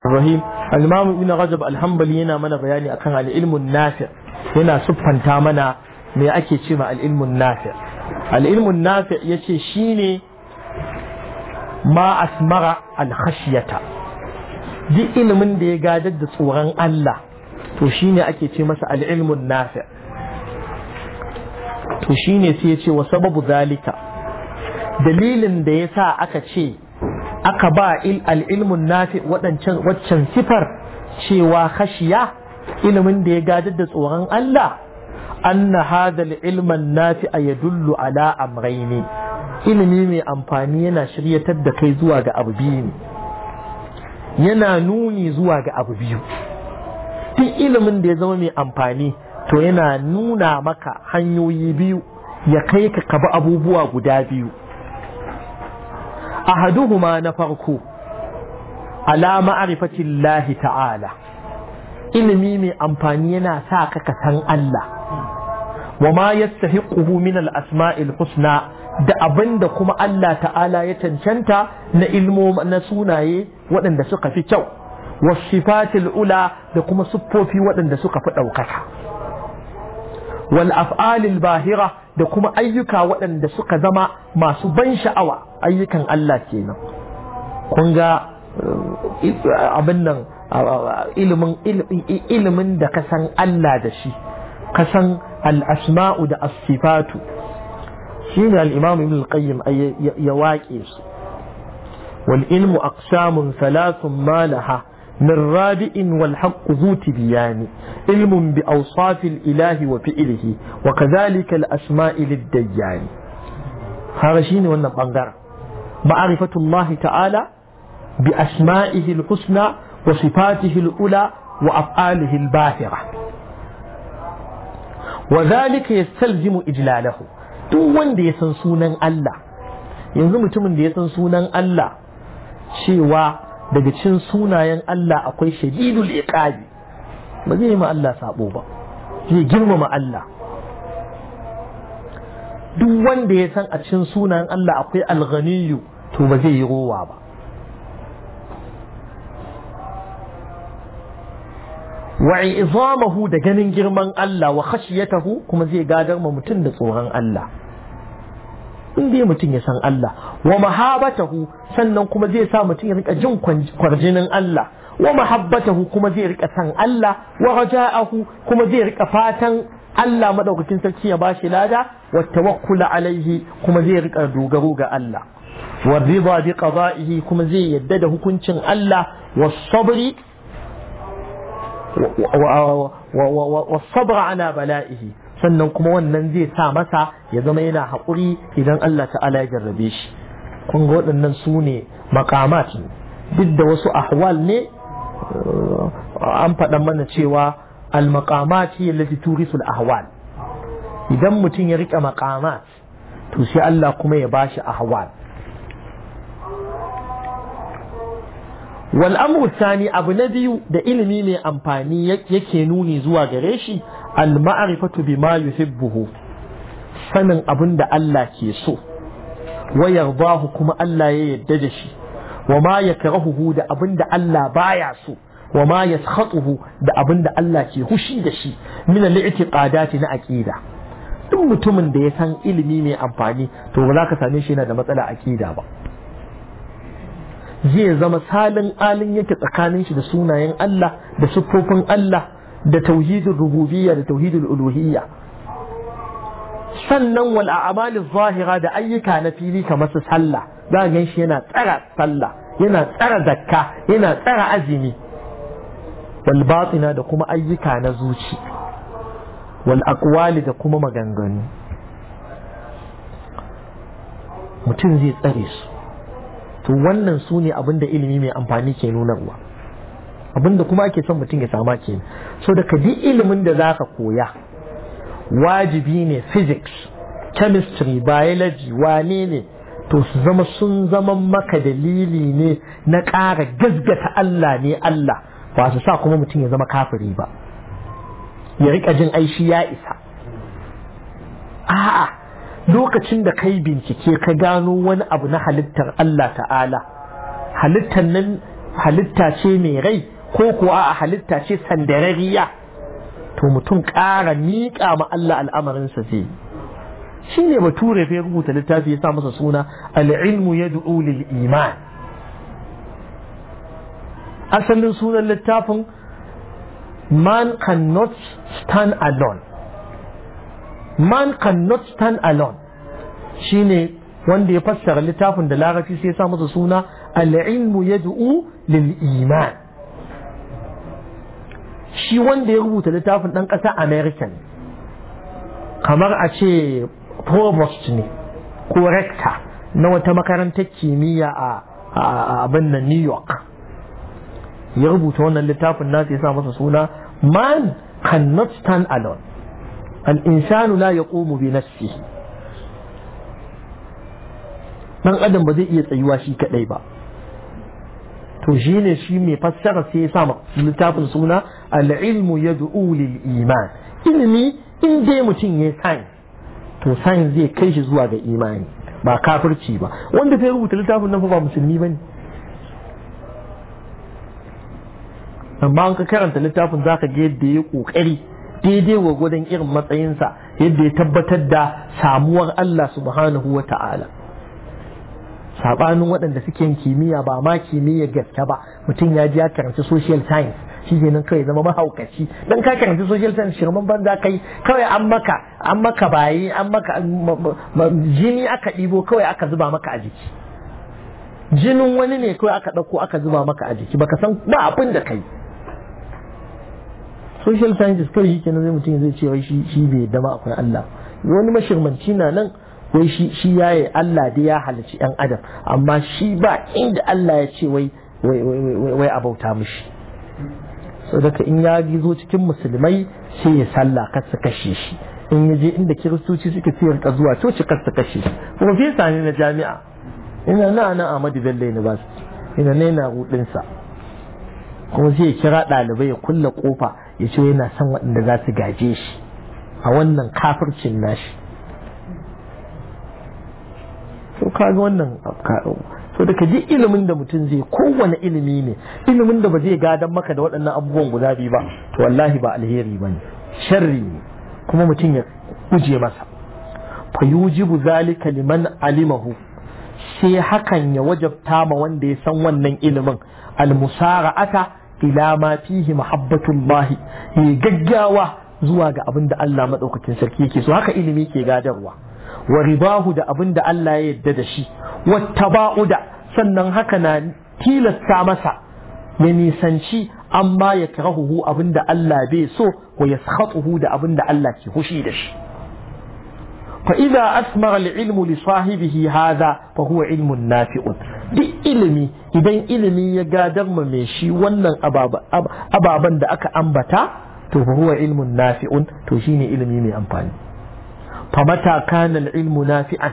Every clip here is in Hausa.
ibrahim Al-Imam Ibn Rajab Al-Hanbali yana mana bayani akan al-ilmun nafi yana siffanta mana me ake cewa ma al-ilmun nafi al-ilmun nafi yace shine ma asmara al-khashyata duk ilimin da ya gadar da tsoron Allah to shine ake ce masa al-ilmun nafi to shine sai yace wa sababu zalika dalilin da yasa aka ce aka ba al'ilmun nafi waɗancan waccan sifar cewa khashiya ilimin da ya gadar da tsoron Allah anna hadha ilman nafi a yadullu ala ne. ilimi mai amfani yana shiryatar da kai zuwa ga abu biyu yana nuni zuwa ga abu biyu duk ilimin da ya zama mai amfani to yana nuna maka hanyoyi biyu ya kai ka kaba abubuwa guda biyu ahaduhuma na على معرفة الله تعالى إن ميمي أمبانينا ساكك سن الله وما يستحقه من الأسماء الحسنى ma yastahiquhu da abinda kuma Allah ta'ala ya cancanta na ilmo na sunaye waɗanda suka fi kyau wa sifatil ula da kuma siffofi waɗanda suka fi ɗaukaka wal af'alil bahira da kuma ayyuka waɗanda suka zama masu ban sha'awa ayyukan Allah kenan kun ga eh, abin nan ilimin da ka san Allah da shi ka san al-asma'u da Asifatu? Shi shine al-imam ibn al-qayyim ya waƙe su wal ilmu aqsamun salasun malaha من رادئ والحق ذو تبيان علم بأوصاف الإله وفعله وكذلك الأسماء للديان هذا شيء وانا بانجر معرفة الله تعالى بأسمائه الحسنى وصفاته الأولى وأفعاله الباهرة وذلك يستلزم إجلاله duk wanda ya san sunan Allah yanzu mutumin da شيء daga cin sunayen Allah akwai shadidul iqabi ba zai ma Allah sabo ba zai girmama Allah duk wanda ya san a cin sunayen Allah akwai alghaniyu to ba zai yi rowa ba wa izamahu da ganin girman Allah wa khashiyatahu kuma zai gadar ma mutum da tsoron Allah in dai mutum ya san Allah wa mahabbatahu sannan kuma zai sa mutun ya rika jin kwarjinin Allah wa mahabbatahu kuma zai rika san Allah wa raja'ahu kuma zai rika fatan Allah madaukakin sarki ya bashi lada wa tawakkula alaihi kuma zai rika dogaro ga Allah wa ridha bi qada'ihi kuma zai yadda da hukuncin Allah wa sabri wa wa wa sabra ala bala'ihi sannan kuma wannan zai sa masa ya zama yana haƙuri idan Allah ta'ala ya jarrabe shi kun ga waɗannan su ne makamat duk da wasu ahwal ne uh, an faɗa mana cewa al-maqamat hiya lafi turisu al-ahwal idan mutum ya rike maqamat to sai Allah kuma ya ba bashi ahwal wal amru thani abu na biyu da ilimi mai amfani yake nuni zuwa gare shi al-ma'rifatu bima yuhibbuhu sanin abin da Allah ke so Wayar bahu kuma Allah ya yarda da shi wa ma yakrahuhu da abin da Allah baya so wa ma yaskhatuhu da abin da Allah ke hushi da shi min al ce na aqida duk mutumin da ya san ilimi mai amfani to ba za ka same shi yana da matsala aqida ba zai zama salin alin yake tsakanin shi da sunayen Allah da siffofin Allah da tauhidin rububiyya da tauhidin uluhiyya sannan wal a'malin zahira da ayyuka na fili kamar su sallah za ga shi yana tsara sallah yana tsara zakka yana tsara azumi wal batina da kuma ayyuka na zuci wal aqwali da kuma maganganu mutum zai tsare su to wannan su ne abinda ilimi mai amfani ke nunarwa abinda kuma ake son mutum ya sama ke so daga duk ilimin da zaka koya wajibi ne physics chemistry biology wane ne to su zama sun zama maka dalili ne na ƙara gazgata Allah ne Allah ba su sa kuma mutum ya zama kafiri ba ya rika jin aishi ya isa a'a lokacin da kai bincike ka gano wani abu na halittar Allah ta'ala halittar nan halitta ce mai rai ko kuwa a halitta ce sandarariya to mutum ƙara miƙa ma Allah al'amarinsa zai shi ne bature fa rubuta littafi ya sa masa suna al'ilmu ya lil iman asalin sunan littafin man cannot stand alone man cannot stand alone shi ne wanda ya fassara littafin da larabci sai ya sa masa suna al'ilmu ya lil iman shi wanda ya rubuta littafin ɗan ƙasa american kamar a ce provost ne ko rector na wata makarantar kimiyya a abin na new york ya rubuta wannan littafin nasa ya sa masa suna man cannot stand alone al'insanu la ya ƙomu bi nafsi ɗan adam ba zai iya tsayuwa shi kaɗai ba to shi ne shi mai fassara sai ya sa littafin suna al'ilmu ya lil iman ilimi in dai mutum ya sain to sain zai kai shi zuwa ga imani ba kafirci ba wanda sai rubuta littafin nan fa ba musulmi ba ne? amma an ka karanta littafin za ka ga yadda ya kokari daidai wa gwadan irin matsayinsa yadda ya tabbatar da samuwar Allah subhanahu wa ta'ala sabanin waɗanda suke yin kimiyya ba ma kimiyya gaske ba mutum ya ji ya karanci social science shi ke nan kawai zama mahaukaci dan ka karanci social science shirman banza kai kawai an maka an maka bayi an maka jini aka ɗibo kawai aka zuba maka a jiki jinin wani ne kawai aka ɗauko aka zuba maka a jiki baka san ba abin da kai social sciences kawai shi ke nan zai mutum zai ce wai shi bai dama akwai Allah wani mashirmanci na nan wai shi shi yayi Allah da ya halici ɗan adam amma shi ba inda Allah ya ce wai wai abauta mishi saboda in ya gizo cikin musulmai sai ya sallah kar kashe shi in ya je inda kiristoci suke siyar ka zuwa coci kar su kashe shi Kuma fi sani na jami'a ina na nan Ahmadu Bello University ina ne na rudin sa kuma sai ya kira ɗalibai ya kulle kofa ya ce yana son waɗanda za su gaje shi a wannan kafircin nashi so kaga wannan so daga ji ilimin da mutum zai kowane ilimi ne ilimin da ba zai gadan maka da waɗannan abubuwan guda biyu ba to wallahi ba alheri ba ne sharri ne kuma mutum ya guje masa fa yujibu zalika liman alimahu sai hakan ya wajabta ma wanda ya san wannan ilimin almusara'ata ila ma fihi mahabbatullahi ya gaggawa zuwa ga abin da Allah madaukakin sarki yake so haka ilimi ke gadarwa wa ribahu da abin da Allah ya yarda da shi wa ba'uda sannan haka na tilasta masa ya nisanci amma ya karahuhu abin da Allah bai so wa ya da abin da Allah ke hushi da shi fa idza asmara al-ilmu li sahibihi hadha fa huwa ilmun nafi'un duk ilimi idan ilimi ya gadar ma mai shi wannan ababan da aka ambata to huwa ilmun nafi'un to shine ilimi mai amfani famata kana al-ilmu nafi'an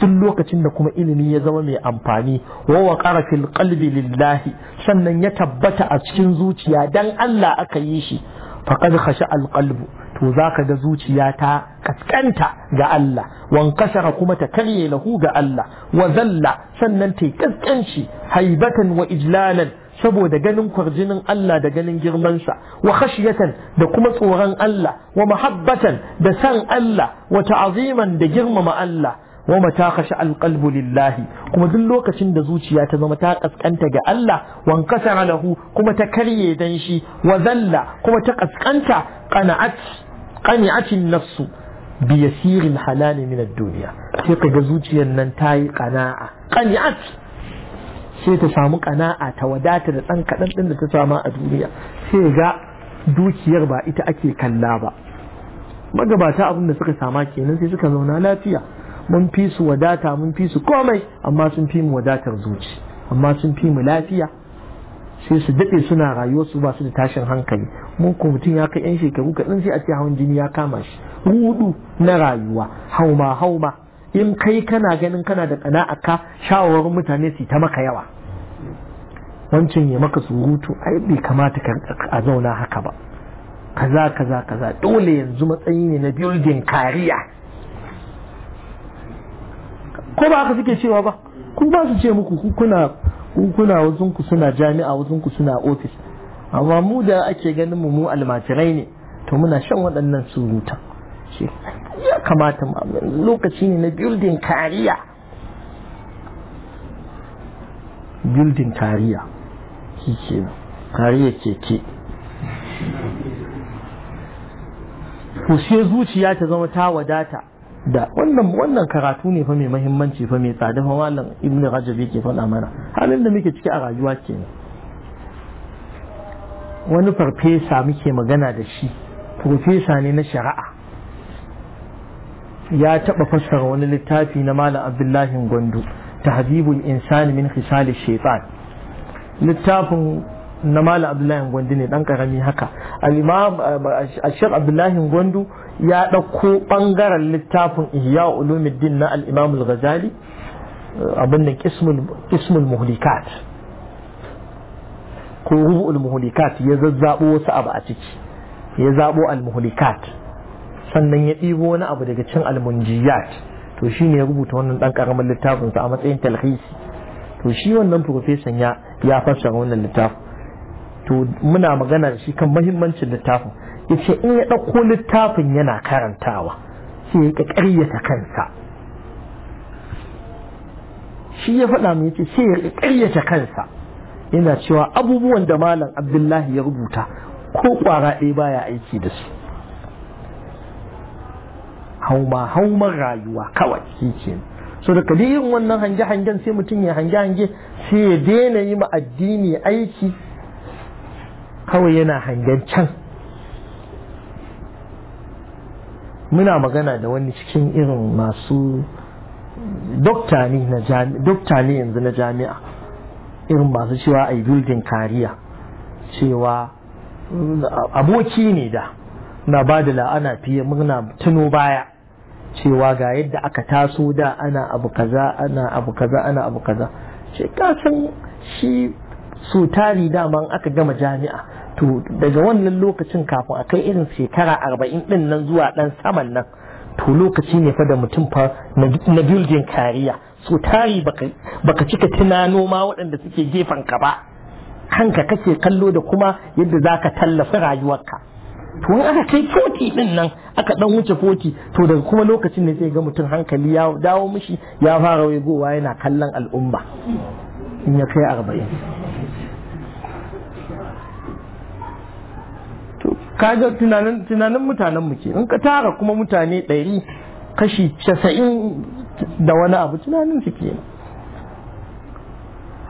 duk lokacin da kuma ilimi ya zama mai amfani wa waqara fil qalbi lillahi sannan ya tabbata a cikin zuciya dan Allah aka yi shi faqad khasha al qalbu to zaka ga zuciya ta kaskanta ga Allah wan kasara kuma ta karye lahu ga Allah wa zalla sannan ta kaskanci haibatan wa ijlalan saboda ganin kwarjinin Allah da ganin girmansa wa khashiyatan da kuma tsoron Allah wa mahabbatan da san Allah wa ta'ziman da girmama Allah wa mata khasha alqalbu lillahi kuma duk lokacin da zuciya ta zama ta kaskanta ga Allah wan kasara lahu kuma ta karye dan shi wa zalla kuma ta kaskanta qana'at qani'atin nafsu bi yasiril halali min ad-dunya sai ga zuciyar nan tayi qana'a qani'at sai ta samu ƙana'a ta wadata da ɗan kaɗan ɗin da ta sama a duniya sai ga dukiyar ba ita ake kalla ba magabata abin da suka sama kenan sai suka zauna lafiya mun fi su wadata mun fi su komai amma sun fi mu wadatar zuci amma sun fi mu lafiya sai su daɗe suna rayuwarsu ba su da tashin hankali mun ko mutum ya kai 'yan shekaru kaɗan sai a ce hawan jini ya kama shi rudu na rayuwa hauma hauma in kai kana ganin kana da ƙana'a ka shawarwarin mutane su ta maka yawa wancan ya maka surutu ai bai kamata a zauna haka ba kaza kaza kaza dole yanzu matsayi ne na building kariya ko ba haka suke cewa ba ku ba su ce muku kuna kuna suna jami'a wazunku suna ofis amma mu da ake ganin mu mu almajirai ne to muna shan waɗannan surutan ya kamata lokaci ne na building kariya building kariya ke kariya keke to zuciya ta zama ta wadata da wannan wannan karatu ne fa mai muhimmanci fa mai tsada fa malam ibn rajab yake faɗa mana halin da muke ciki a rayuwa kenan wani farfesa muke magana da shi farfesa ne na shari'a ya taɓa fassara wani littafi na Malam Abdullahi Gwandu tahdibul insani min khisal shaytan littafin na Malam Abdullahi Gwandu ne dan karami haka al-Imam Sheikh Abdullahi Gwandu ya ɗauko ɓangaren littafin Ihya Ulumuddin na al-Imam al-Ghazali abin da ismul muhlikat ko rubu'ul muhlikat ya zazzabo wasu abu a ciki ya zabo al-muhlikat sannan ya ɗibo wani abu daga cin almunjiyat to shi ne ya rubuta wannan ɗan ƙaramin littafinsa a matsayin talhisi to shi wannan profesan ya ya fassara wannan littafin to muna magana shi kan mahimmancin littafin ya ce in ya ɗauko littafin yana karantawa sai ya ƙaryata kansa shi ya faɗa mai ce sai ya ƙaryata kansa yana cewa abubuwan da malam abdullahi ya rubuta ko ƙwara ɗaya baya aiki da su hauma hauman rayuwa kawai shi ke so da kadi irin wannan hange-hangen sai mutum ya hange-hange sai ya daina yi ma addini aiki kawai yana hangen can muna magana da wani cikin irin masu dokta ne yanzu na jami'a irin masu cewa a yi bildin kariya cewa mm, aboki ne da na ba da la'ana fiye muna tuno baya cewa ga yadda aka taso da ana abu kaza ana abu kaza ana abu kaza ce kasan shi su tari daman aka gama jami'a to daga wannan lokacin kafin a kai irin shekara arba'in din nan zuwa dan saman nan to lokaci ne fa da mutum fa na building kariya so tari baka cika tunano ma waɗanda suke gefen ka ba hanka kake kallo da kuma yadda zaka tallafa rayuwarka to in aka kai foti din nan aka dan wuce foti to daga kuma lokacin ne sai ga mutum hankali ya dawo mishi ya fara waigowa yana kallon al'umma in ya kai arba'in to kaga tunanin tunanin mutanen mu ke in ka tara kuma mutane ɗari kashi casa'in da wani abu tunanin su ke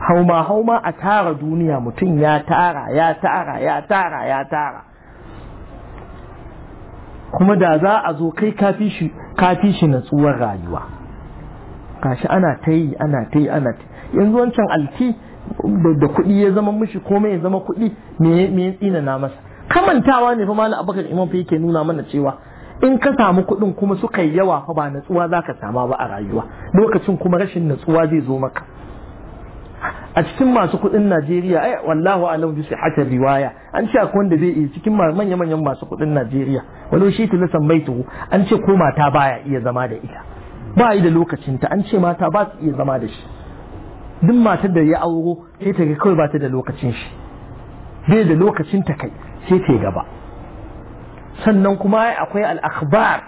hauma hauma a tara duniya mutum ya tara ya tara ya tara ya tara kuma da za a zo kai kafi shi na tsuwar natsuwar rayuwa kashi ana ta yi ana ta yi ana ta yi. yanzu wancan alki da kuɗi ya zama mushi, komai ya zama kuɗi me ya tsina na masa kamantawa ne fa malam abakar imam fa yake nuna mana cewa in ka samu kuɗin kuma suka yi yawa fa ba natsuwa za ka sama ba a rayuwa lokacin kuma rashin natsuwa zai zo maka a cikin masu kuɗin Najeriya ai wallahu alam bi sihhati riwaya an ce akwai wanda zai iya cikin manya-manyan masu kuɗin Najeriya walau shi tilisan baituhu an ce ko mata baya iya zama da ita ba yi da lokacinta an ce mata ba su iya zama da shi duk matar da ya auro sai ta ga kawai ba ta da lokacin shi bai da lokacin ta kai sai ta gaba sannan kuma akwai al-akhbar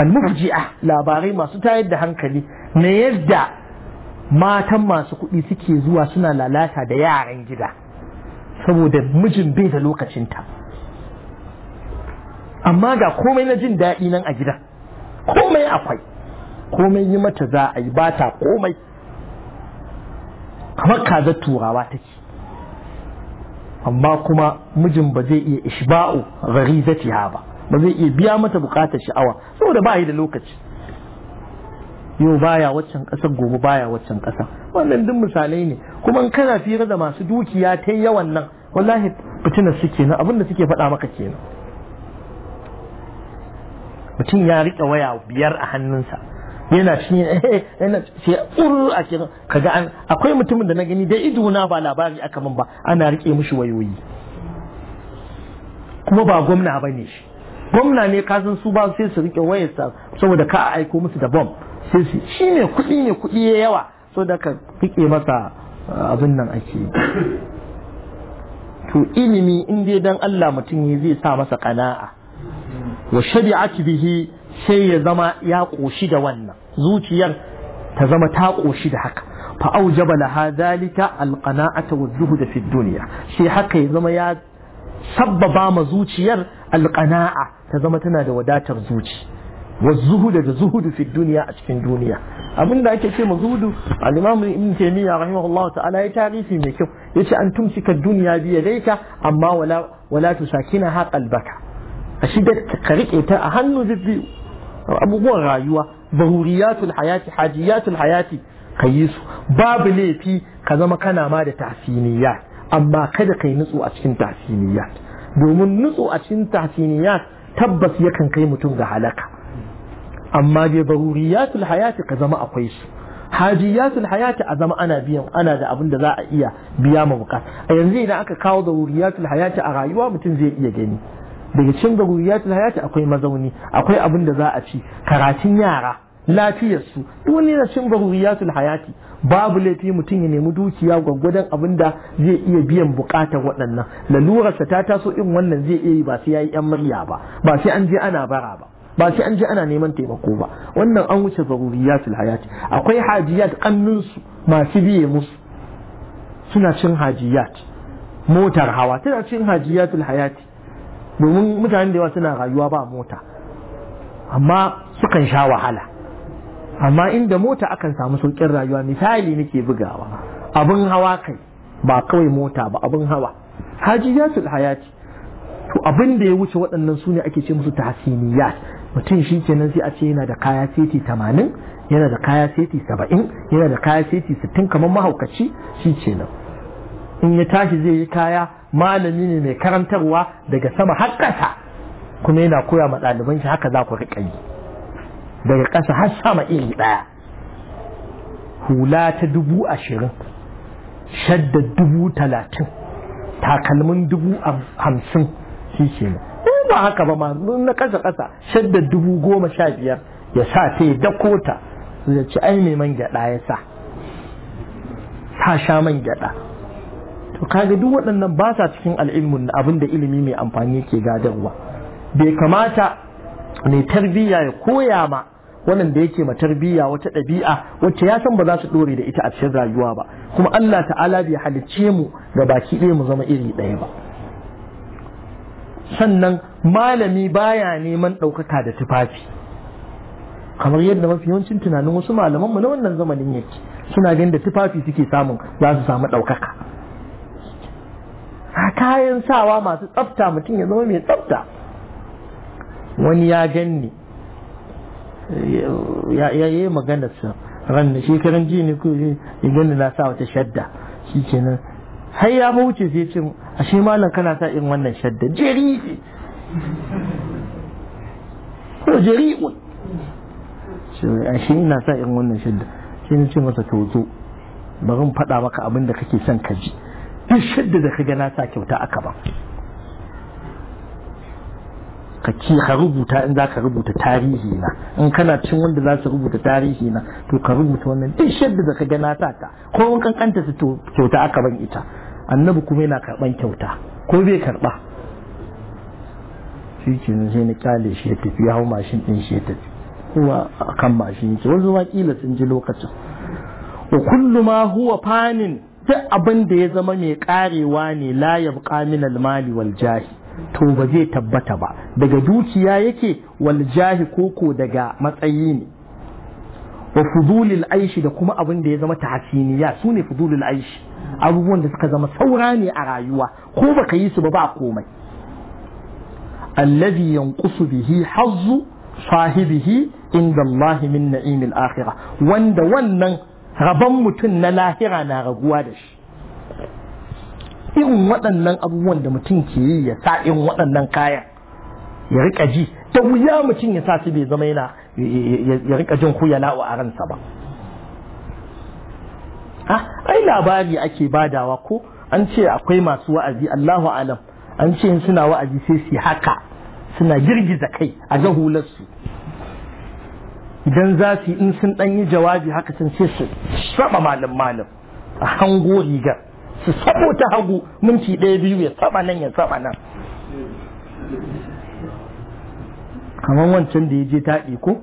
al-mufji'a labarai masu tayar da hankali na yadda matan masu kuɗi suke zuwa suna lalata da yaran gida saboda mijin bai da lokacinta amma ga komai na jin daɗi nan a gida komai akwai komai yi mata za a yi bata komai kamar kazar turawa take amma kuma mijin ba zai iya ishba'u ha ba ba zai iya biya mata bukatar sha'awa saboda ba yi da lokaci yau baya waccan ƙasar gobe baya waccan ƙasa wannan duk misalai ne kuma kana fira da masu dukiya ta yawan nan wallahi fitinar su kenan abin da suke faɗa maka kenan mutum ya riƙe waya biyar a hannunsa yana cikin yana sai ur a kira kaga an akwai mutumin da na gani da ido na ba labari aka min ba ana riƙe mishi wayoyi kuma ba gwamna bane shi gwamna ne kasan su ba sai su riƙe wayarsa saboda ka aiko musu da bomb sai shi ne kuɗi ne kuɗi ya yawa so da ka rike masa uh, abin nan ake to ilimi in dai dan Allah mutum ya zai sa masa kana'a wa shari'ati bihi sai ya zama ya koshi da wannan zuciyar ta zama ta koshi da haka fa aujaba laha zalika alqana'ata wadh-zuhd fi dunya shi haka ya zama ya sabbaba ma zuciyar alqana'a ta zama tana da wadatar zuci والزهد da zuhudu fi duniya a cikin duniya abinda ake ce ma zuhudu al-imam ibn taymiya rahimahullah ta'ala ya tarifi mai kyau yace an tumsika duniya bi yadaika amma wala wala tusakina ha qalbaka a shiga ka rike ta a hannu bibbi abubuwan rayuwa zaruriyatul hayati hajiyatul hayati ka yi su babu laifi ka zama kana ma da tahsiniyat amma kada kai nutsu a cikin tahsiniyat domin nutsu a cikin tahsiniyat tabbas yakan kai mutum ga halaka amma dai baruriyatul hayati ka zama akwai su hajiyatul hayati a zama ana biyan ana da abin da za a iya biya ma bukata a yanzu idan aka kawo baruriyatul hayati a rayuwa mutum zai iya gani daga cikin baruriyatul hayati akwai mazauni akwai abin da za a ci karatun yara lafiyar su duk wani na cikin baruriyatul hayati babu laifi mutum ya nemi dukiya gwaggwadon abin da zai iya biyan buƙatar waɗannan lalurarsa ta taso in wannan zai iya yi ba sai ya yi yan murya ba ba sai an je ana bara ba ba sai an ji ana neman taimako ba wannan an wuce fil hayati akwai hajiyat kannunsu masu biye musu suna cin hajiyat motar hawa tana cin fil hayati domin mutane da yawa suna rayuwa ba mota amma sukan sha wahala amma inda mota akan samu saukin rayuwa misali nake bugawa abin hawa kai ba kawai mota ba abin hawa hajiyatul hayati to abin da ya wuce waɗannan su ne ake ce musu tahsiniyat mutum shi kenan sai a ce yana da kaya seti tamanin yana da kaya seti saba'in yana da kaya seti sittin kamar mahaukaci shi kenan in ya tashi zai yi kaya malami ne mai karantarwa daga sama har ƙasa kuma yana koya ma ɗaliban shi haka za ku riƙa yi daga ƙasa har sama iri ɗaya hula ta dubu ashirin shadda dubu talatin takalmin dubu hamsin shi kenan ba haka ba ma na kasa kasa shadda dubu goma sha biyar ya sa ta yi dakota. ta ya ce ai mai man gyada ya sa ta sha man gyada to kaga duk waɗannan ba sa cikin al'ilmun abin da ilimi mai amfani ke gadarwa bai kamata mai tarbiyya ya koya ma wannan da yake ma tarbiyya wata ɗabi'a wacce ya san ba za su ɗore da ita a cikin rayuwa ba kuma Allah ta'ala bai halicce mu ga baki ɗaya mu zama iri ɗaya ba sannan malami baya neman ɗaukaka da tufafi kamar yadda mafi yawancin tunanin wasu malamanmu na wannan zamanin yake suna ganin da tufafi suke samun za su samu ɗaukaka a kayan sawa masu tsafta mutum ya zama mai tsafta wani ya ganni ya yi maganarsa ran da shekaran ji ne ko ya ganni na sa wata shadda shi kenan har ya fa wuce sai ce ashe malam kana sa in wannan shadda jeri ce a shi ina sa in wannan shadda shi ne ce masa to zo bari mu faɗa maka abin da kake son ka ji duk shadda da ka na sa kyauta aka ba ka ki ka rubuta in za ka rubuta tarihi na in kana cin wanda za su rubuta tarihi na to ka rubuta wannan duk shadda da ka ga na ta ko in kankanta su kyauta aka ban ita annabi kuma yana karban kyauta ko bai karba shi ke sai na kyale shi ya tafi ya hau mashin din shi ya tafi kuma akan mashin yake wani ma kila sun ji lokacin wa kullu ma huwa fanin duk abin da ya zama mai karewa ne la yabqa min al mali wal jahi to ba zai tabbata ba daga dukiya yake wal jahi koko daga matsayi ne wa fudulil aishi da kuma abin da ya zama tahsiniya su ne fudulil aishi abubuwan da suka zama saura ne a rayuwa ko baka yi su ba ba komai allazi yanqusu bihi hazzu sahibihi inda Allah min na'imil akhirah wanda wannan rabon mutum na lahira na raguwa da shi irin waɗannan abubuwan da mutum ke yi ya sa irin waɗannan kayan ya rika ji ta wuya mutum ya sa su bai zama yana ya rika jin kuyala a ransa ba ai labari ake badawa ko an ce akwai masu wa'azi Allahu alam an ce suna wa'azi sai su haka suna girgiza kai a ga hularsu idan za su in sun ɗan yi jawabi haka sun ce su saba malam malam a hango rigar su sabo ta hagu minti ɗaya biyu ya saba nan ya saba nan kamar wancan da ya je taɗi ko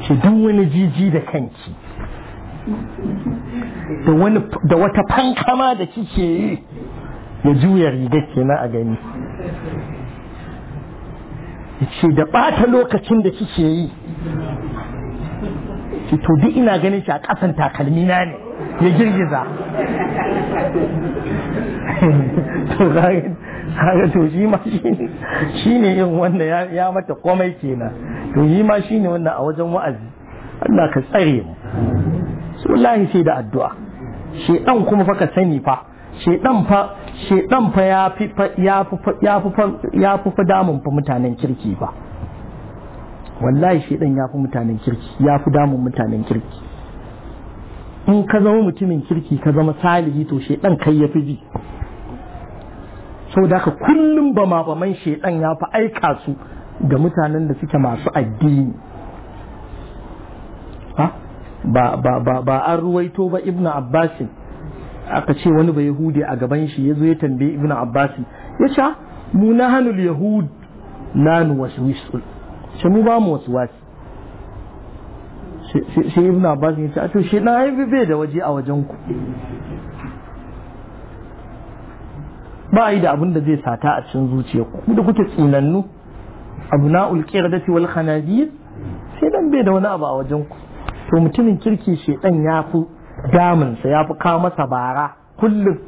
ce don wani jiji da kanki da wata fankama da kike yi ya juya riga kenan a gani ce da ɓata lokacin da kike yi to duk ina ganin shi a ƙasan takalmina ne ya girgiza to kaga to shi ma shi ne yin wanda ya mata komai kenan to yi ma shi ne wannan a wajen wa'azi Allah ka tsare mu lahi sai da addu'a shedan kuma fa ka sani fa shedan fa shedan fa ya fi ya fi ya fi ya fi fa damun fa mutanen kirki fa wallahi shedan ya fi mutanen kirki ya fi damun mutanen kirki in ka zama mutumin kirki ka zama salihi to shaidan kai ya fi bi sau da ka kullum ba ma ba man shaidan ya fi aika su ga mutanen da suke masu addini ba an ruwaito ba ibn abbasin aka ce wani ba yahudi a gaban shi ya zo ya tambaye ibn abbasin ya ce ah, mu na hannun yahud na nuwasu ce mu ba mu wasu wasu sai ibn abbas ya ce to shi na haifi bai da waje a wajen ku ba yi da abin da zai sata a cikin zuciya ku da kuke tsinannu abu na ulkiyar da wal khanadir sai dan bai da wani abu a wajen ku to mutumin kirki shedan ya fi damunsa ya fi kawo masa bara kullum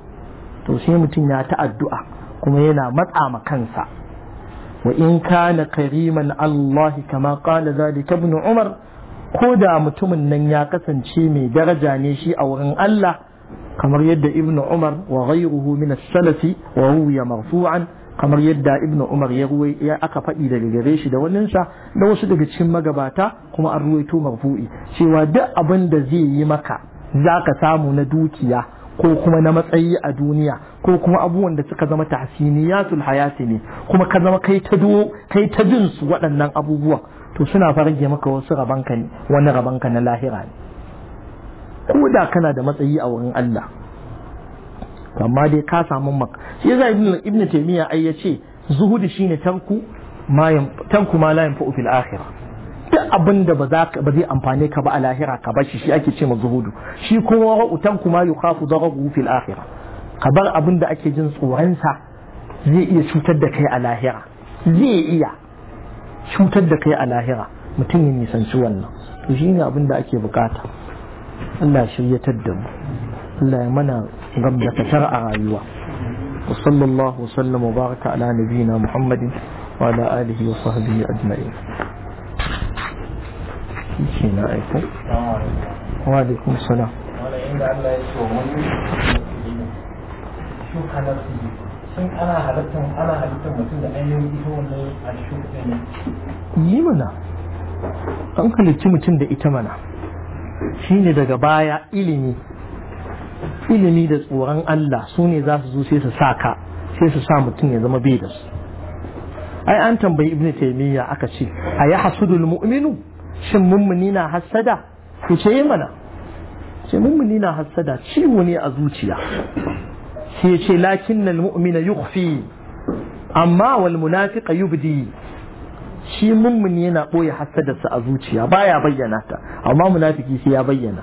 to sai mutum ya ta addu'a kuma yana matsa ma kansa wa in kana kariman allahi kama qala zalika ibn Umar ko da mutumin nan ya kasance mai daraja ne shi a wurin Allah kamar yadda ibn Umar wa ghayruhu min as-salafi wa huwa marfu'an kamar yadda ibn Umar ya ruwai ya aka faɗi daga gare shi da wannan sa, da wasu daga cikin magabata kuma an ruwaito marfu'i cewa duk abin da zai yi maka zaka samu na dukiya ko kuma na matsayi a duniya ko kuma abubuwan da suka zama tahsiniyatul hayati ne kuma ka zama kai ta kai ta jin su waɗannan abubuwan to suna farge maka wasu rabanka ne wani rabanka na lahira ne ko da kana da matsayi a wurin Allah amma dai ka samu maka shi yasa ibn taymiya ai yace zuhudi shine tanku ma tanku ma la yanfu fil akhirah duk abin da ba zai amfane ka ba a lahira ka bashi shi ake ce ma zuhudu shi kuma ra'utan kuma yukhafu darabu fil akhirah ka bar abin da ake jin tsoron sa zai iya cutar da kai a lahira zai iya cutar da kai a lahira mutum ya nisanci wannan to shi ne abin da ake bukata Allah shi ya tadda mu Allah ya mana gamba ta shar'a rayuwa wa sallallahu wasallam wa baraka ala nabiyina muhammadin wa ala alihi wa sahbihi ajma'in shi na aiko wa alaikum salam wala inda Allah ya ce wa mun shuka nafsi sun ana halittar ana halittar mutum da ita wannan a yi mana an halicci mutum da ita mana shine daga baya ilimi ilimi da tsoron Allah su ne za su zo sai su sa ka sai su sa mutum ya zama bai da su ai an tambayi ibn taymiya aka ce a ya hasudul mu'minu shin mummuni na hassada ku ce yi mana ce mummuni na hassada ciwo ne a zuciya Yace ce lakin nan mu'mina yukhfi amma wal munafiqa yubdi shi mummuni yana ɓoye hasadarsa a zuciya baya bayyana ta amma munafiki sai ya bayyana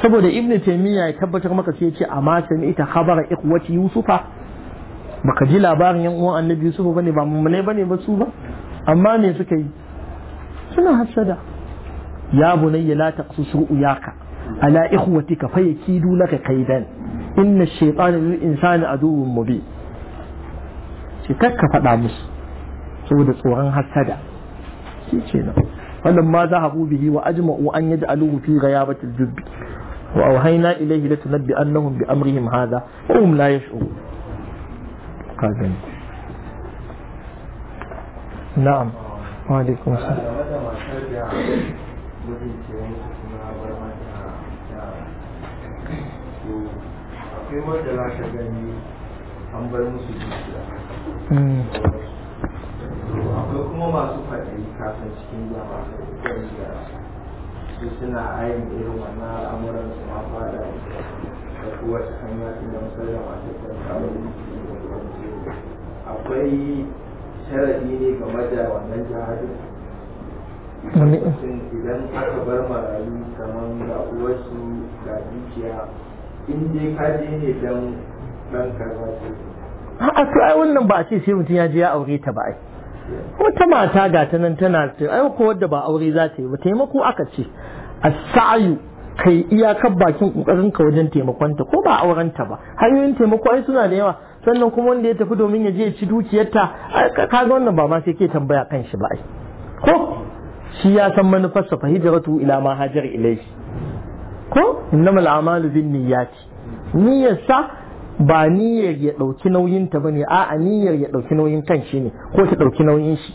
saboda ibn taymiya ya tabbatar maka sai ya ce amma sami ita khabara ikhwati yusufa baka ji labarin yan uwan annabi yusufa bane ba mummune bane ba su ba amma me suka yi suna hasada ya bunayya la taqsus ru'yaka ala ikhwatika fayakidu laka kaidan إن الشيطان للإنسان عدو مبين شكك فدامس سود صوران هسدا شيكينا فلما ذهبوا به وأجمعوا أن يجعلوه في غيابة الجب وأوهينا إليه لتنبئنهم بأمرهم هذا وهم لا يشعرون قادم نعم وعليكم السلام Thank you. akwai wanda za ka gani an bar musu dukiya hmm. akwai kuma masu faɗi kafin cikin zama kan yara su suna ayin irin wannan al'amuran su ma fada da kowace hanya su da musallan masu akwai sharadi ne game da wannan jihadin idan aka bar marayu kamar da uwarsu ga dukiya in dai ka je ne dan a'a to ai wannan ba a ce sai mutum ya je ya aure ta ba ai wata mata ga ta nan tana ai ko wadda ba aure za ta yi ba taimako aka ce A sayu kai iyakar bakin kokarin ka wajen taimakonta ko ba auren ta ba hanyoyin taimako ai suna da yawa sannan kuma wanda ya tafi domin ya je ya ci dukiyarta kaga wannan ba ma sai ke tambaya kan shi ba ai ko shi ya san manufarsa fahimtar hijratu ila ma hajar shi. ko innamal a'malu niyyar sa ba niyyar ya dauki nauyin ta bane a'a niyyar ya dauki nauyin kan shi ne ko ta dauki nauyin shi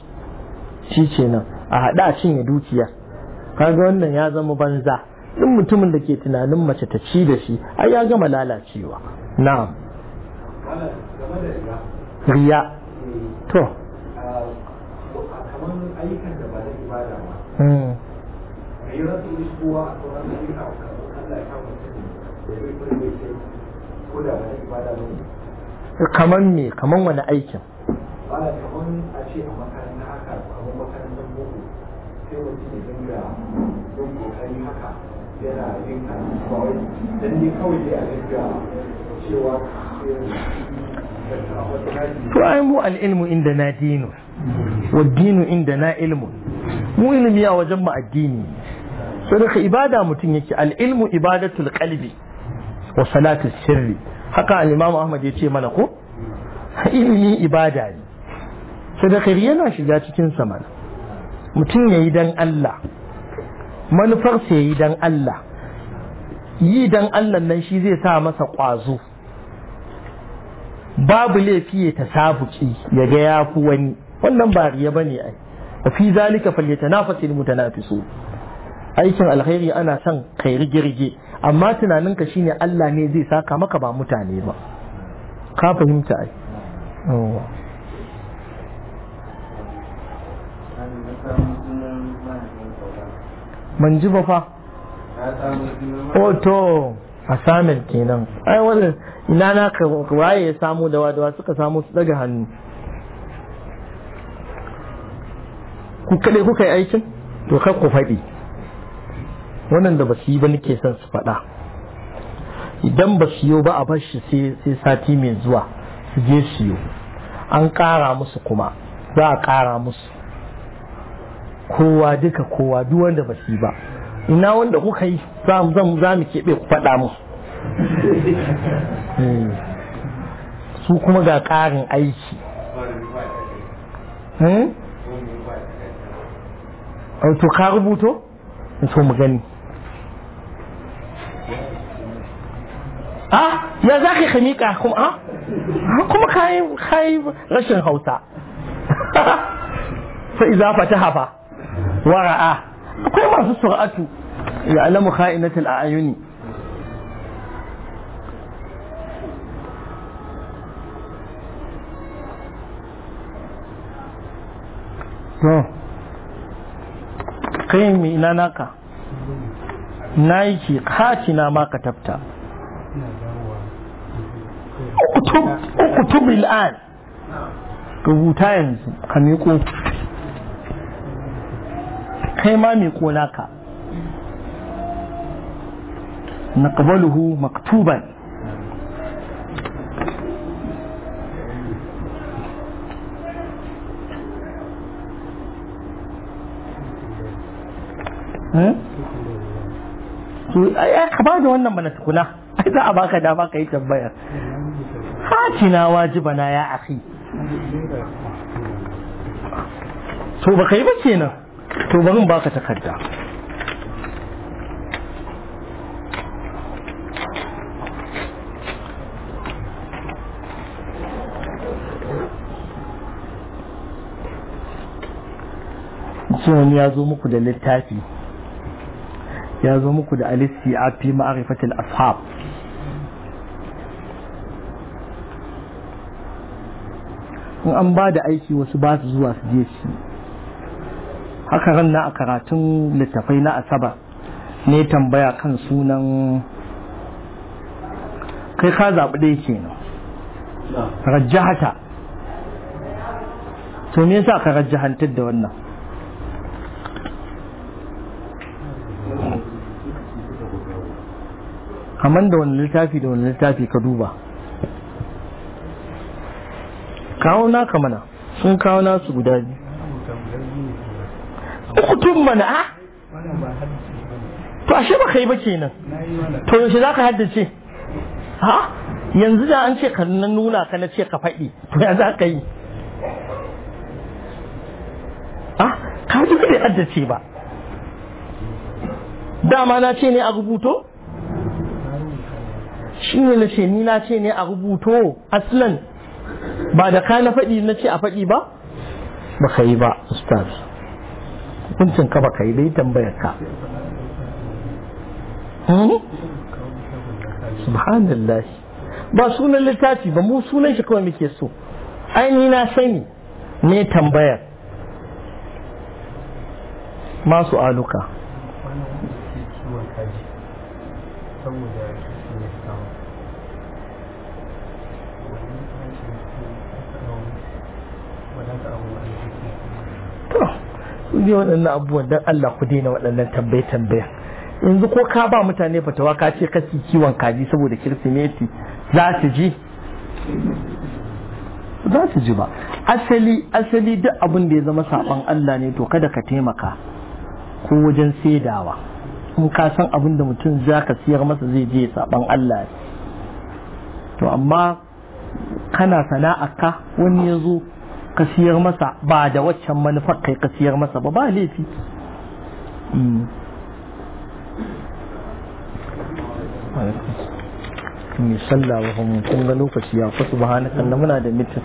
shi kenan a hada a cinye dukiya kaga wannan ya zama banza duk mutumin da ke tunanin mace ta ci da shi ai ya gama lalacewa na'am riya to a me wani aikin to ai mu al'ilmu inda na dinu wa dinu inda na ilmu mu ilimi a wajen mu addini sadaka ibada mutum yake al-ilmu ibadatul qalbi wa sirri haka al-imam ahmad yace mana ko ilimi ibada ne sadaka yana shiga cikin sa mana mutum yayi dan Allah manufar sa yayi dan Allah yi dan Allah nan shi zai sa masa kwazo babu laifi ya sabuƙi ya ga yafi wani wannan ba riya bane ai fi zalika falyatanafasul mutanafisun aikin alkhairi ana son kai rige-rige amma tunaninka shine Allah ne zai saka maka ba mutane ba ka fahimta ai man ji ba fa oto oh, assignment kenan ai wani ina na ka waye ya samu da wadawa suka samu su daga hannu ku kade kuka yi aikin to kai ku faɗi wannan da basu yi ba nake son su faɗa idan ba su yi ba a bar shi sai sati mai zuwa su je su yi an ƙara musu kuma za a ƙara musu kowa duka kowa duk wanda ba su yi ba ina wanda kuka yi za mu keɓe ku faɗa mu hmm. su kuma ga ƙarin aiki hmm? to ka rubuto? to mu gani a ya za ka miƙa kuma a kuma kayi rashin hausa fa iza fataha fa wara'a akwai masu sur'atu ya alamu kha'inatul a'yuni to kai mi ina naka na yi ki kaci na ma ka tafta اكتب اكتب الان رغوتا ينزو كميكو كيما ميكو لك نقبله مكتوبا ها؟ أي أخبار وأنا ما ندخلها، إذا أباك دابا كي تبين. فاتنا واجبنا يا أخي to baka yi ba kenan to barin baka takarda wani ya zo muku da littafi ya zo muku da alisti a fi ma'arifatul ashab in an ba da aiki wasu ba su zuwa su je su haka ran na a karatun littafai na asaba ne tambaya kan sunan kai ka zaɓi ɗaya nan rajahata to me yasa ka rajahantar da wannan kamar da wani littafi da wani littafi ka duba kawo naka mana sun kawo nasu guda biyu ukutun mana a ah? to ashe ba kai ba kenan to yaushe za ka haddace ha yanzu da an ce ka nuna ka na ce ka faɗi to ya za ka yi ha ka ji bai haddace ba dama na ce ne a rubuto shi ne na ce ni na ce ne a rubuto aslan ba da ka na faɗi na ce a faɗi ba ba ka yi ba ustaz kuncin ka ba ka yi dai tambayar ka hmm? subhanallah ba sunan littafi ba mu sunan shi kawai muke so ainihi na sani ne tambayar masu aluka saboda to ne waɗannan abubuwan don Allah ku daina waɗannan tambaye yanzu ko ka ba mutane fatawa ka ce kasi kiwon kaji saboda kirsimeti za su ji za su ji ba asali asali duk abin da ya zama saban Allah ne to kada ka taimaka ko wajen saidawa in ka san abin da mutum za ka siyar masa zai je saɓon Allah to amma kana sana'arka wani ya zo ka siyar masa ba da waccan manufar kai ka siyar masa ba ba laifi mai hmm. sallah wa kun ga lokaci ya kwasu ba hannun muna da mitin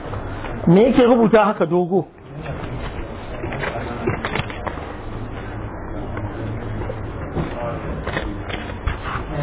me yake rubuta haka dogo